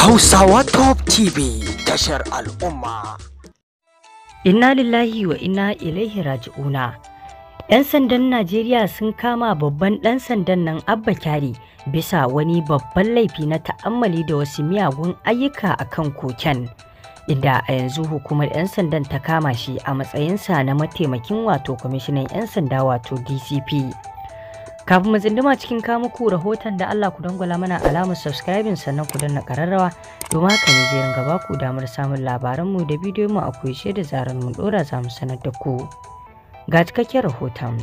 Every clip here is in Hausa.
Hausawa Top TV tashar al'umma. Inna lillahi wa inna ilaihi raji'una. 'Yan sandan Najeriya sun kama babban ɗan sandan nan Abba Kyari bisa wani babban laifi na ta'ammali da wasu miyagun ayyuka a kan koken. Inda a yanzu hukumar 'yan sandan ta kama shi a matsayinsa na mataimakin wato kwamishinan 'yan sanda wato DCP. Kafin mu tsinduma cikin muku rahoton da Allah ku dangwala mana alamar subscribing sannan ku danna kararrawa domin haka ne zai ringa baku damar samun labaranmu da bidiyon mu a koyaushe da zarar mu dora za mu sanar da ku. Ga cikakken rahoton.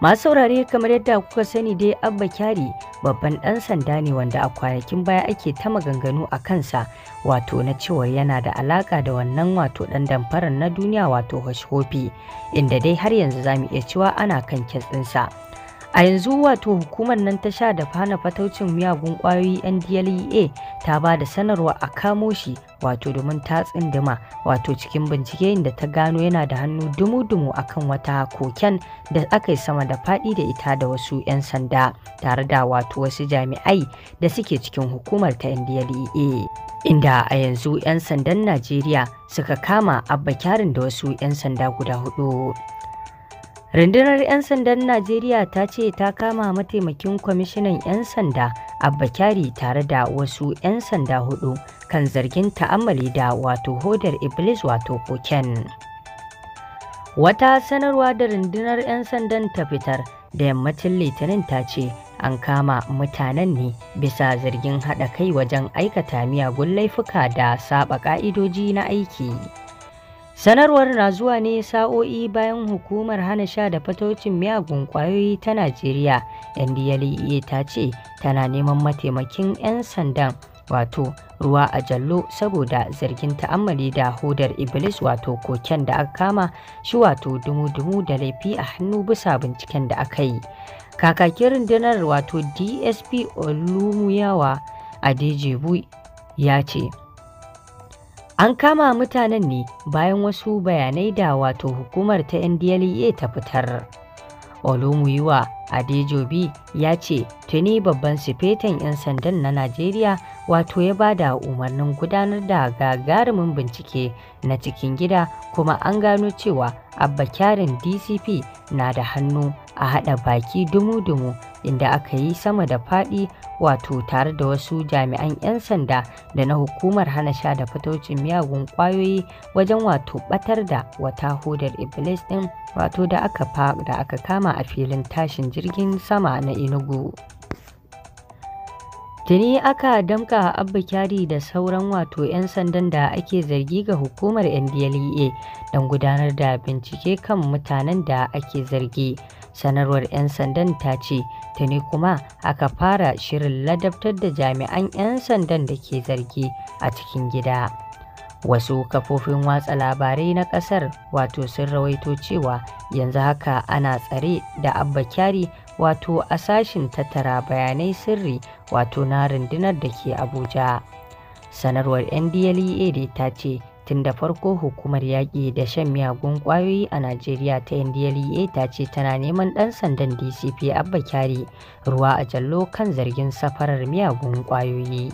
Masu saurare kamar yadda kuka sani dai Abba Kyari babban ɗan sanda ne wanda a kwanakin baya ake ta maganganu a kansa wato na cewar yana da alaka da wannan wato ɗan damfarar na duniya wato hashofi inda dai har yanzu zamu iya cewa ana kan kes ɗinsa. A yanzu wato hukumar nan ta sha da fana fataucin miyagun ƙwayoyi NDLEA ta ba da sanarwa a kamo shi wato domin ta tsindima wato cikin bincike da ta gano yana da hannu dumu-dumu akan wata koken da aka yi sama da faɗi da ita da wasu 'yan sanda tare da wato wasu jami'ai da suke cikin hukumar ta NDLEA. Inda a yanzu 'yan sandan Najeriya suka kama abba kyarin da wasu 'yan sanda guda hudu. Rundunar 'yan sandan Najeriya ta ce ta kama mataimakin kwamishinan 'yan sanda Abba Kyari tare da wasu 'yan sanda hudu kan zargin ta'ammali da wato hodar Iblis wato koken. Wata sanarwa da rundunar 'yan sandan ta fitar da yammacin litinin ta ce an kama mutanen ne bisa zargin haɗa kai wajen aikata miyagun laifuka da saba ƙa'idoji na aiki. Sanarwar na zuwa ne sa'o'i bayan hukumar hana sha da fatocin miyagun kwayoyi ta Najeriya, NDLEA ta ce tana neman mataimakin 'yan sandan wato ruwa a jallo saboda zargin ta'ammali da hodar iblis wato koken da aka kama shi wato dumu-dumu da laifi a hannu bisa binciken da aka yi. Kakakin rundunar wato DSP Olumuyawa a ya ce An kama mutanen ne bayan wasu bayanai da wato hukumar ta NDLEA ta fitar. Olumuyiwa Adejobi ya ce tuni babban sifetan 'yan sandan na Najeriya wato ya ba da umarnin gudanar da gagarumin bincike na cikin gida kuma an gano cewa abba kyarin DCP na da hannu a haɗa baki dumu-dumu inda aka yi sama da faɗi wato tare da wasu jami'an 'yan sanda da na hukumar hana sha da fitocin miyagun ƙwayoyi wajen wato ɓatar da wata hodar iblis ɗin wato da aka da aka kama a filin tashin jirgin sama na inugu Tuni aka damka Abba Kyari da sauran wato 'yan sandan da ake zargi ga hukumar NDLEA don gudanar da bincike kan mutanen da ake zargi. Sanarwar 'yan sandan ta ce tuni kuma aka fara shirin ladabtar da jami'an 'yan sandan da ke zargi a cikin gida wasu kafofin watsa labarai na kasar wato sun rawaito cewa yanzu haka ana tsare da abba kyari wato a sashin tattara bayanai sirri wato na rundunar da ke abuja sanarwar ndlea dai ta ce Tun da farko hukumar yaƙi da shan miyagun ƙwayoyi a Najeriya ta NDLEA ta ce tana neman ɗan sandan DCP Abba Kyari ruwa a jallo kan zargin safarar miyagun ƙwayoyi.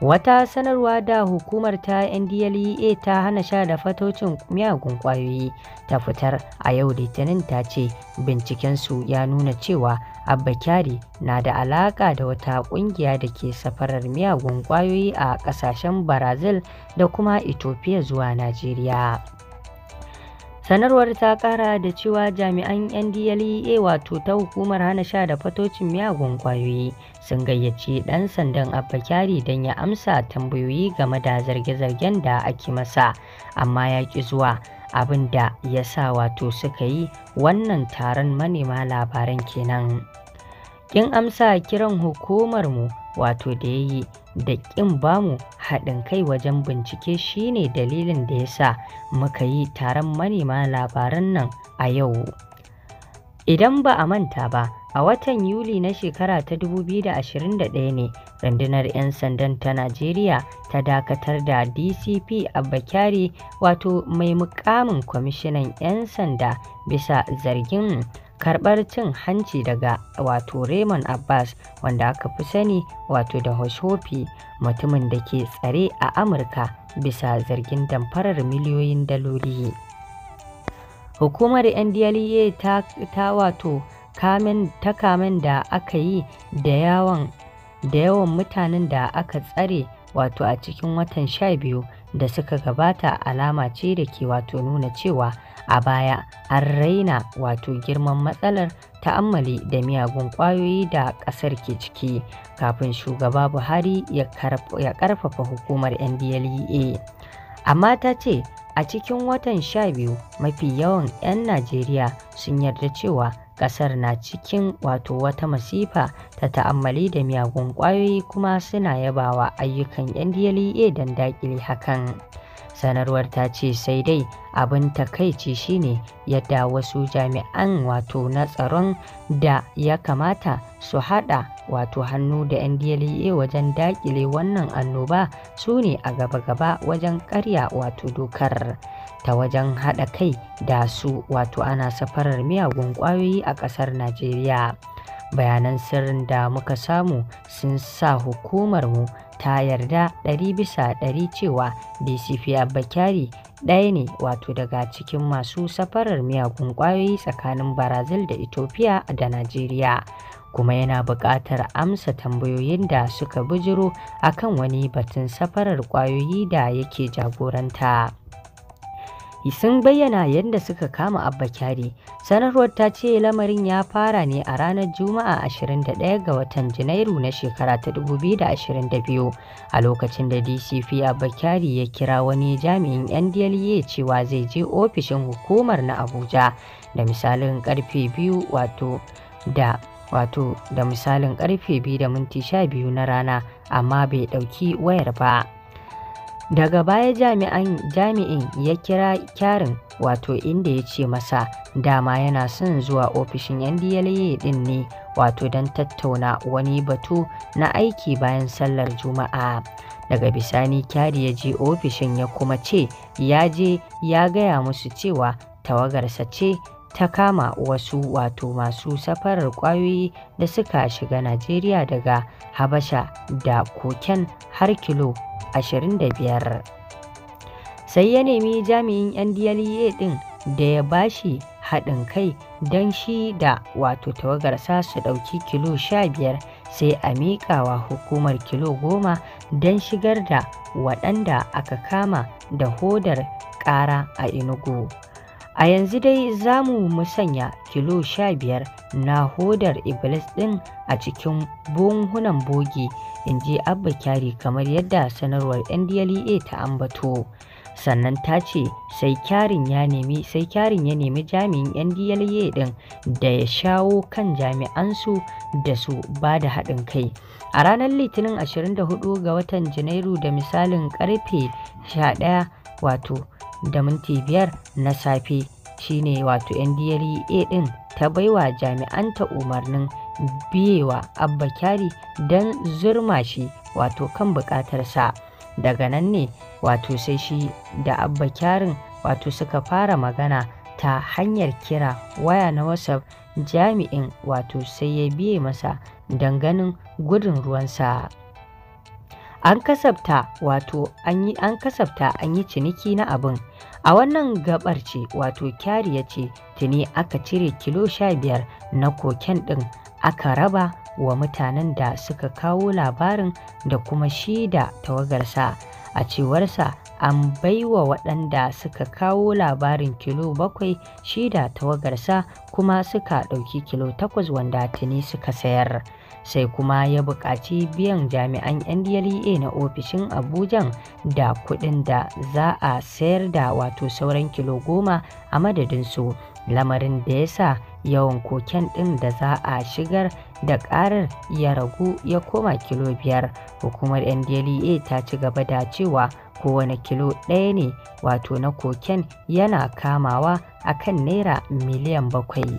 Wata sanarwa da hukumar ta NDLEA ta hana sha da fatocin miyagun ƙwayoyi ta fitar a yau Litinin ta ce bincikensu ya nuna cewa Abba Kyari na da alaka da wata kungiya da ke safarar miyagun kwayoyi a kasashen Barazil da kuma Ethiopia zuwa Najeriya. Sanarwar ta kara da cewa jami'an NDLEA wato ta hukumar hana sha da fatocin miyagun kwayoyi sun gayyaci ɗan sandan Abba Kyari don ya amsa tambayoyi game da zarge-zargen da ake masa amma ya ki zuwa. abin da ya sa wato suka yi wannan taron manema labaran kenan. ƙin amsa kiran hukumarmu wato da ya yi da ƙin bamu haɗin kai wajen bincike shine dalilin da ya sa muka yi taron manema labaran nan a yau idan ba a manta ba a watan yuli na shekara ta 2021 ne rundunar 'yan sandan ta najeriya ta dakatar da dcp abakari wato mai mukamin kwamishinan 'yan sanda bisa zargin karɓar cin hanci daga wato Raymond Abbas wanda aka fi sani wato da Hoshopi mutumin da ke tsare a Amurka bisa zargin damfarar miliyoyin daloli. Hukumar NDLEA ta, ta wato kamen ta kamen da aka yi da yawan da yawan mutanen da aka tsare wato a cikin watan sha biyu da suka gabata alama ce da ke wato nuna cewa a baya an raina wato girman matsalar ta'ammali da miyagun kwayoyi da kasar ke ciki kafin shugaba buhari ya karfafa hukumar ndlea amma ta ce a cikin watan sha biyu mafi yawan 'yan najeriya sun yarda cewa Ƙasar na cikin wato wata masifa ta ta'ammali da miyagun ƙwayoyi kuma suna yabawa ayyukan 'yan dla e don daƙile hakan. sanarwar ta ce sai dai abin takaici shine yadda wasu jami'an wato na tsaron da ya kamata su hada wato hannu da yan ndlea wajen dakile wannan annoba su ne a gaba-gaba wajen karya wato dokar ta wajen haɗa kai da su wato ana safarar miyagun ƙwayoyi a ƙasar Najeriya. Bayanan sirrin da muka samu sun sa hukumarmu ta yarda ɗari bisa ɗari cewa DCP Abakari ɗaya ne wato daga cikin masu safarar miyagun ƙwayoyi tsakanin barazil da Ethiopia da Najeriya. kuma yana buƙatar amsa tambayoyin da suka bijiro akan wani batun safarar ƙwayoyi da yake jagoranta. sun bayyana yadda suka kama abba kyari sanarwar ta ce lamarin ya fara ne a ranar juma'a 21 ga watan janairu na shekara ta 2022 a lokacin da dcp abba kyari ya kira wani jami'in yan ndla e cewa zai je ofishin hukumar na abuja da misalin karfe biyu wato da wato da misalin karfe 2 da minti 12 na rana amma bai ɗauki wayar ba Daga baya jami'in ya kira Kyarin wato inda ya ce masa dama yana son zuwa ofishin 'yan NDLEA ɗin ne wato don tattauna wani batu na aiki bayan sallar Juma'a. Daga bisani Kyari ya je ofishin ya kuma ce ya je ya gaya musu cewa tawagarsa ce ta kama wasu wato masu safarar kwayoyi da suka shiga Najeriya daga Habasha da koken har kilo 25. Sai ya nemi jami'in NDLEA ɗin da ya bashi haɗin kai don shi da wato tawagarsa su ɗauki kilo 15 sai a miƙawa hukumar kilo 10 don shigar da waɗanda aka kama da hodar ƙara a inugu. A yanzu dai za mu musanya kilo 15 na hodar Iblis ɗin a cikin buhunan bogi, in ji Abba Kyari kamar yadda sanarwar NDLEA ta ambato. Sannan ta ce sai Kyarin ya nemi sai Kyarin ya nemi jami'in NDLEA ɗin da ya shawo kan jami'ansu da su ba da haɗin kai. A ranar Litinin 24 ga watan Janairu da misalin ƙarfe 11 wato da minti biyar na safe shine wato ndlea din ta baiwa jami'anta umarnin biyewa abba kyari don zurma shi wato kan bukatarsa daga nan ne wato sai shi da abba kyarin wato suka fara magana ta hanyar kira waya na whatsapp jami'in wato sai ya biye masa don ganin gudun ruwansa an kasafta wato an yi kasafta an yi ciniki na abin a wannan gabar ce wato kyari ya ce tuni aka cire kilo sha biyar na koken ɗin aka raba wa mutanen da suka kawo labarin da kuma shida da tawagarsa a cewarsa an bai wa waɗanda suka kawo labarin kilo bakwai shida tawagarsa kuma suka ɗauki kilo takwas wanda tuni suka sayar. sai kuma ya buƙaci biyan jami'an ndlea na ofishin abujan da kuɗin da za a sayar da wato sauran kilo goma a madadinsu lamarin da ya sa yawan koken ɗin da za a shigar da ƙarar ya ragu ya koma kilo biyar hukumar ndlea ta ci gaba da cewa kowane kilo ɗaya ne wato na koken yana kamawa akan naira miliyan bakwai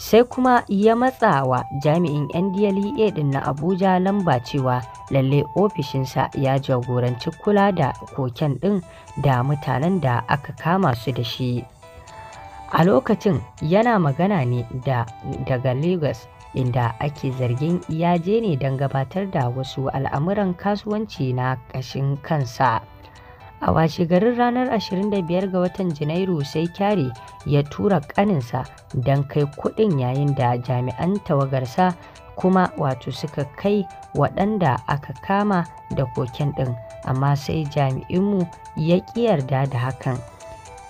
sai kuma ya matsa wa jami'in ndlea din na abuja lamba cewa lalle ofishinsa ya jagoranci kula da koken din da mutanen da aka kama su da shi a lokacin yana magana ne da daga lagos inda ake zargin ya je ne don gabatar da wasu al'amuran kasuwanci na ƙashin kansa A washegarin ranar 25 ga watan Janairu sai Kyare ya tura ƙaninsa don kai kuɗin yayin da jami'an tawagarsa kuma wato suka kai waɗanda aka kama da koken ɗin amma sai jami'inmu ya ƙi yarda da hakan.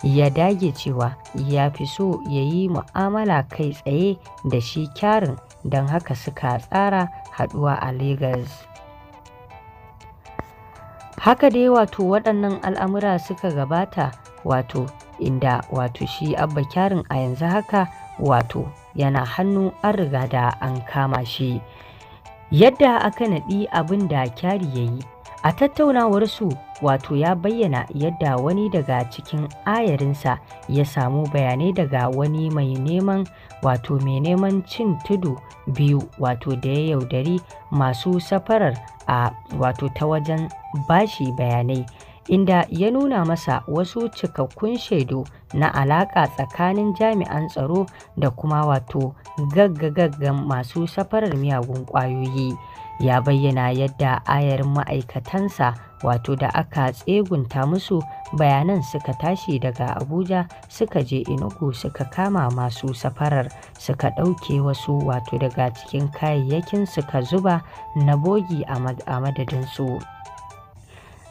ya dage cewa ya fi so ya yi mu'amala kai tsaye da shi kyarin don haka suka tsara haɗuwa a Legas. haka dai wato waɗannan al'amura suka gabata wato inda wato shi abba kyarin a yanzu haka wato yana hannu an riga da an kama shi yadda aka naɗi abin da kyari ya yi a tattaunawarsu wato ya bayyana yadda wani daga cikin ayarinsa ya samu bayanai daga wani mai neman wato mai neman cin tudu biyu wato da ya yaudari masu safarar a wato ta wajen bashi bayanai inda ya nuna masa wasu cikakkun shaidu na alaƙa tsakanin jami'an tsaro da kuma wato gaggagaggan masu safarar miyagun ƙwayoyi ya bayyana yadda ayar ma'aikatansa wato da aka tsegunta musu bayanan suka tashi daga abuja suka je inugu suka kama masu safarar suka ɗauke wasu wato daga cikin kayayyakin suka zuba na bogi a madadinsu.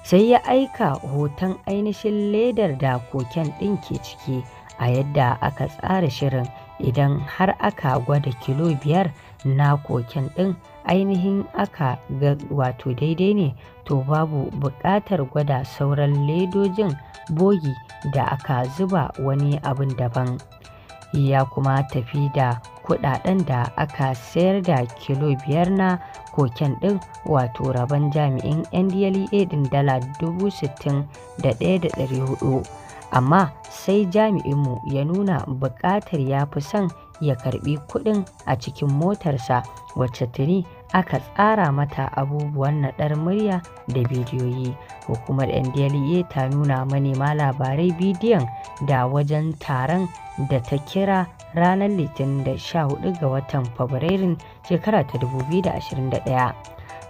sai ya aika hoton ainihin ledar da koken ɗin ke ciki a yadda aka tsara shirin idan har aka gwada kilo biyar na koken ɗin ainihin aka ga wato daidai ne to babu buƙatar gwada sauran ledojin bogi da aka zuba wani abin daban ya kuma tafi da kudaden da aka sayar da kilo biyar na koken din wato rabon jami'in ndlea din dala dubu 61,400 amma sai jami'inmu ya nuna bukatar ya fi son ya karbi kudin a cikin motarsa wacce tuni aka tsara mata abubuwan naɗar murya da bidiyoyi. Hukumar NDLEA ta nuna manema labarai bidiyon da wajen taron da ta kira ranar Litinin da sha hudu ga watan Fabrairun shekara ta 2021.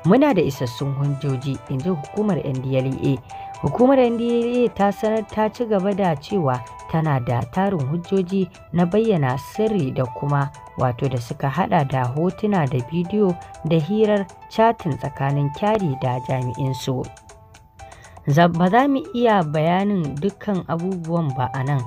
Muna da isassun hujjoji, inji hukumar NDLEA. Hukumar NDLEA ta sanar ta ci gaba da cewa tana da tarin hujjoji na bayyana sirri da kuma wato da suka hada da hotuna da bidiyo da hirar chatin tsakanin kyari da jami'in su. ba za mu iya bayanin dukkan abubuwan ba a nan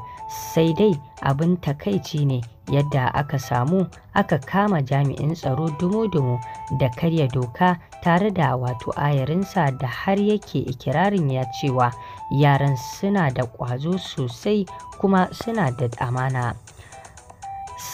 sai dai abin takaici ne yadda aka samu aka kama jami'in tsaro dumo-dumo da karya doka tare da wato ayarinsa da har yake ikirarin ya cewa yaran suna da ƙwazo sosai kuma suna da amana.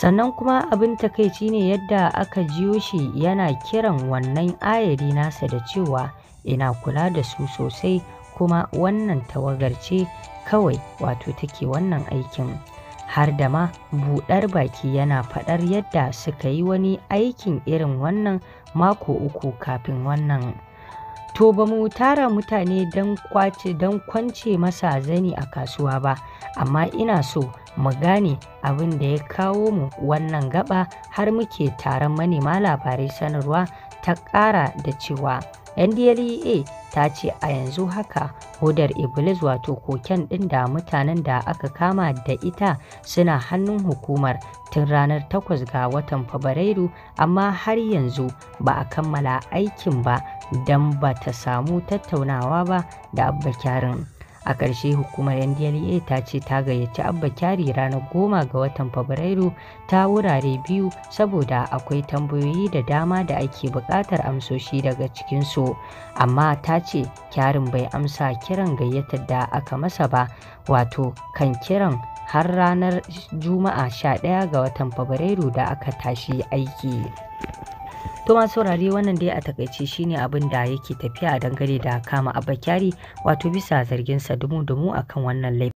sannan kuma abin takaici ne yadda aka jiyo shi yana kiran wannan ayari nasa da cewa ina kula da su sosai kuma wannan tawagar ce kawai wato take wannan aikin har da ma buɗar baki yana faɗar yadda suka yi wani aikin irin wannan mako uku kafin wannan. To ba mu tara mutane don kwace don kwance masa zani a kasuwa ba, amma ina so mu gane abin da ya kawo mu wannan gaba har muke taron manema labarai sanarwa ta ƙara da cewa ndlea ta ce a yanzu haka hodar iblis wato koken ɗin da mutanen da aka kama da ita suna hannun hukumar tun ranar 8 ga watan fabrairu amma har yanzu ba a kammala aikin ba don ba ta samu tattaunawa ba da abba a ƙarshe hukumar ndla ta ce ta gayyaci abba kyari ranar goma ga watan fabrairu ta wurare biyu saboda akwai tambayoyi da dama da ake buƙatar amsoshi daga cikinsu amma ta ce kyarin bai amsa kiran gayyatar da aka masa ba wato kan kiran har ranar juma'a 11 ga watan fabrairu da aka tashi aiki to ma saurare wannan dai a takaice shine abin da yake tafiya dangane da kama abakyari wato bisa zargin sa dumu-dumu akan wannan laifin